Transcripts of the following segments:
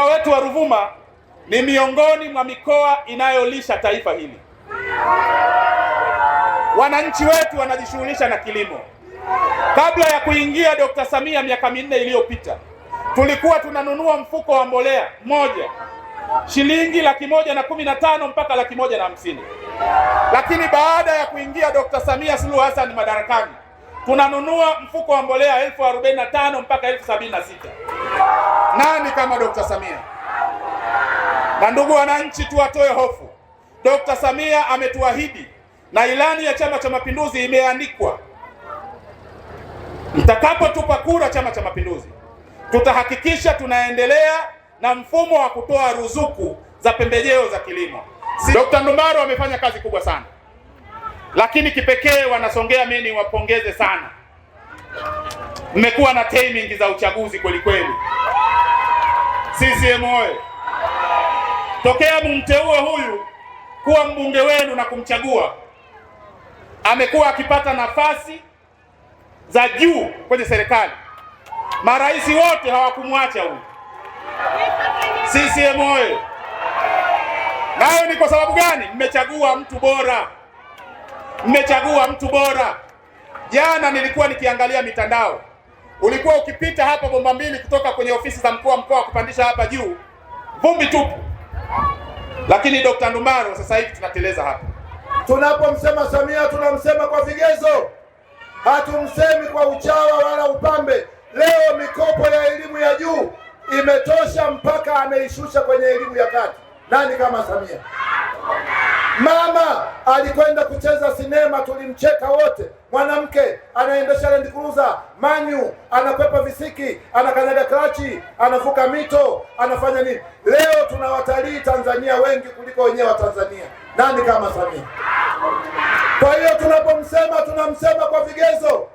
Mkoa wetu wa Ruvuma ni miongoni mwa mikoa inayolisha taifa hili. Wananchi wetu wanajishughulisha na kilimo. Kabla ya kuingia Dr. Samia miaka minne iliyopita, tulikuwa tunanunua mfuko wa mbolea moja shilingi laki moja na kumi na tano mpaka laki moja na hamsini, lakini baada ya kuingia Dr. Samia Suluhu Hassan madarakani tunanunua mfuko wa mbolea elfu arobaini na tano mpaka elfu sabini na sita. Nani kama Dr. Samia? Na ndugu wananchi, tuwatoe hofu. Dr. Samia ametuahidi na ilani ya Chama cha Mapinduzi imeandikwa, mtakapotupa kura Chama cha Mapinduzi, tutahakikisha tunaendelea na mfumo wa kutoa ruzuku za pembejeo za kilimo. Si... Dr. Ndumbaro amefanya kazi kubwa sana, lakini kipekee wanasongea, mimi niwapongeze sana, mmekuwa na timing za uchaguzi kweli kweli. CCM oye! Tokea mumteue huyu kuwa mbunge wenu na kumchagua, amekuwa akipata nafasi za juu kwenye serikali. Marais wote hawakumwacha huyu. CCM oye! Nayo ni kwa sababu gani? Mmechagua mtu bora, mmechagua mtu bora. Jana nilikuwa nikiangalia mitandao Ulikuwa ukipita hapa bomba mbili kutoka kwenye ofisi za mkuu wa mkoa kupandisha hapa juu, vumbi tupu. Lakini Dr. Ndumaro sasa hivi tunateleza hapa. Tunapomsema Samia tunamsema kwa vigezo, hatumsemi kwa uchawa wala upambe. Leo mikopo ya elimu ya juu imetosha mpaka ameishusha kwenye elimu ya kati. Nani kama Samia? Mama alikwenda kucheza sinema, tulimcheka wote. Mwanamke anaendesha Land Cruiser manyu, anakwepa visiki, anakanyaga klachi, anavuka mito, anafanya nini? Leo tuna watalii Tanzania wengi kuliko wenyewe wa Tanzania. Nani kama Samia? Kwa hiyo tunapomsema tunamsema kwa vigezo.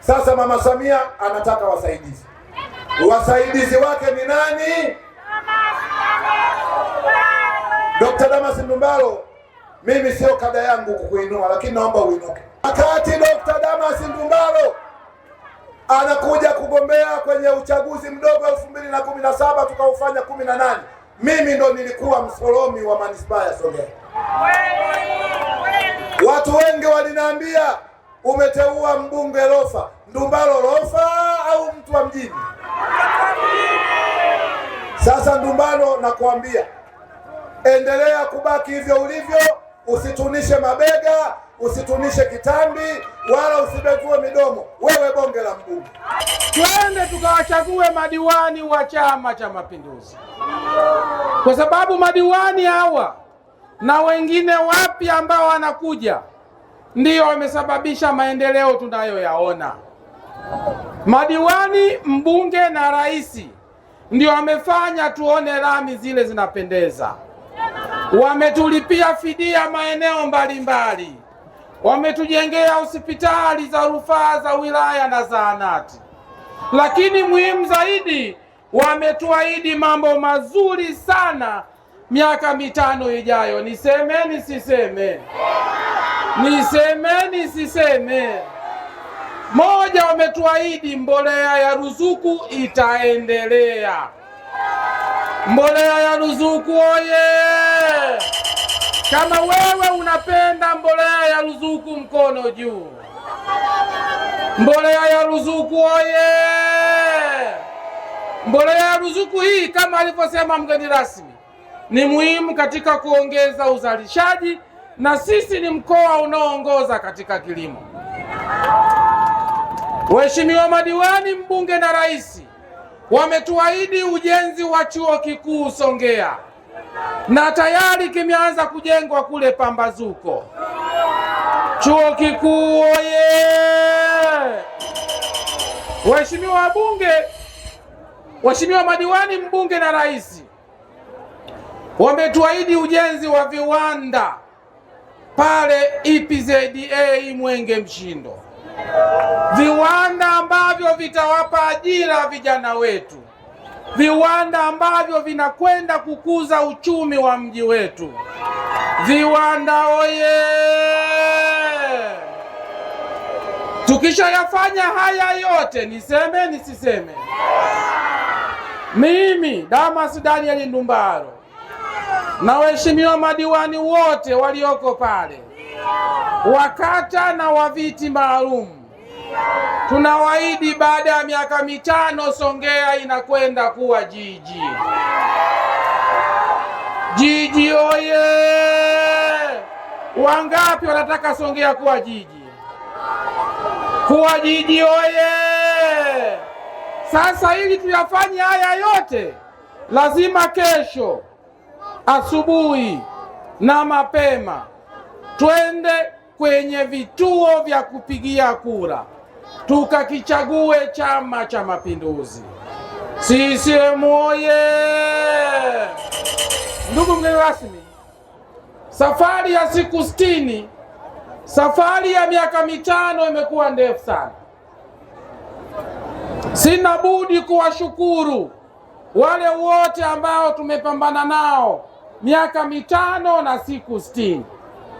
Sasa mama Samia anataka wasaidizi. Wasaidizi wake ni nani? Dr. Jonas Ndumbaro, mimi sio kada yangu kukuinua, lakini naomba uinuke. Wakati Dr. Damas Ndumbaro anakuja kugombea kwenye uchaguzi mdogo elfu mbili na kumi na saba tukaufanya kumi na nane mimi ndo nilikuwa msolomi wa manispaa ya Songea. Watu wengi waliniambia umeteua mbunge Lofa. Ndumbaro Lofa au mtu wa mjini? Sasa Ndumbaro nakuambia Endelea kubaki hivyo ulivyo, usitunishe mabega, usitunishe kitambi, wala usibevue midomo. Wewe bonge la mbunge, twende tukawachague madiwani wa Chama cha Mapinduzi, kwa sababu madiwani hawa na wengine wapya ambao wanakuja ndiyo wamesababisha maendeleo tunayoyaona. Madiwani, mbunge na rais ndio wamefanya tuone lami zile zinapendeza. Wametulipia fidia maeneo mbalimbali, wametujengea hospitali za rufaa za wilaya na zahanati, lakini muhimu zaidi wametuahidi mambo mazuri sana miaka mitano ijayo. Nisemeni siseme? Nisemeni siseme? Moja, wametuahidi mbolea ya ruzuku itaendelea. Mbolea ya ruzuku oye! Kama wewe unapenda mbolea ya ruzuku, mkono juu! Mbolea ya ruzuku oye! Mbolea ya ruzuku hii kama alivyosema mgeni rasmi ni muhimu katika kuongeza uzalishaji, na sisi ni mkoa unaoongoza katika kilimo. Waheshimiwa madiwani, mbunge na raisi, Wametuahidi ujenzi wa chuo kikuu Songea na tayari kimeanza kujengwa kule Pambazuko. Chuo kikuu oye! Waheshimiwa wabunge, waheshimiwa madiwani, mbunge na rais wametuahidi ujenzi wa viwanda pale ipzda e Mwenge Mshindo viwanda ambavyo vitawapa ajira vijana wetu, viwanda ambavyo vinakwenda kukuza uchumi wa mji wetu. Viwanda oye! Tukishayafanya haya yote, niseme nisiseme, mimi Damas Daniel Ndumbaro na waheshimiwa madiwani wote walioko pale wakata na waviti maalum. Tunawaahidi baada ya miaka mitano Songea inakwenda kuwa jiji. Jiji oye! Wangapi wanataka Songea kuwa jiji? Kuwa jiji oye! Sasa ili tuyafanye haya yote, lazima kesho asubuhi na mapema twende kwenye vituo vya kupigia kura tukakichague Chama cha Mapinduzi. CCM oye! Ndugu mgeni rasmi, safari ya siku sitini, safari ya miaka mitano imekuwa ndefu sana. Sina budi kuwashukuru wale wote ambao tumepambana nao miaka mitano na siku sitini.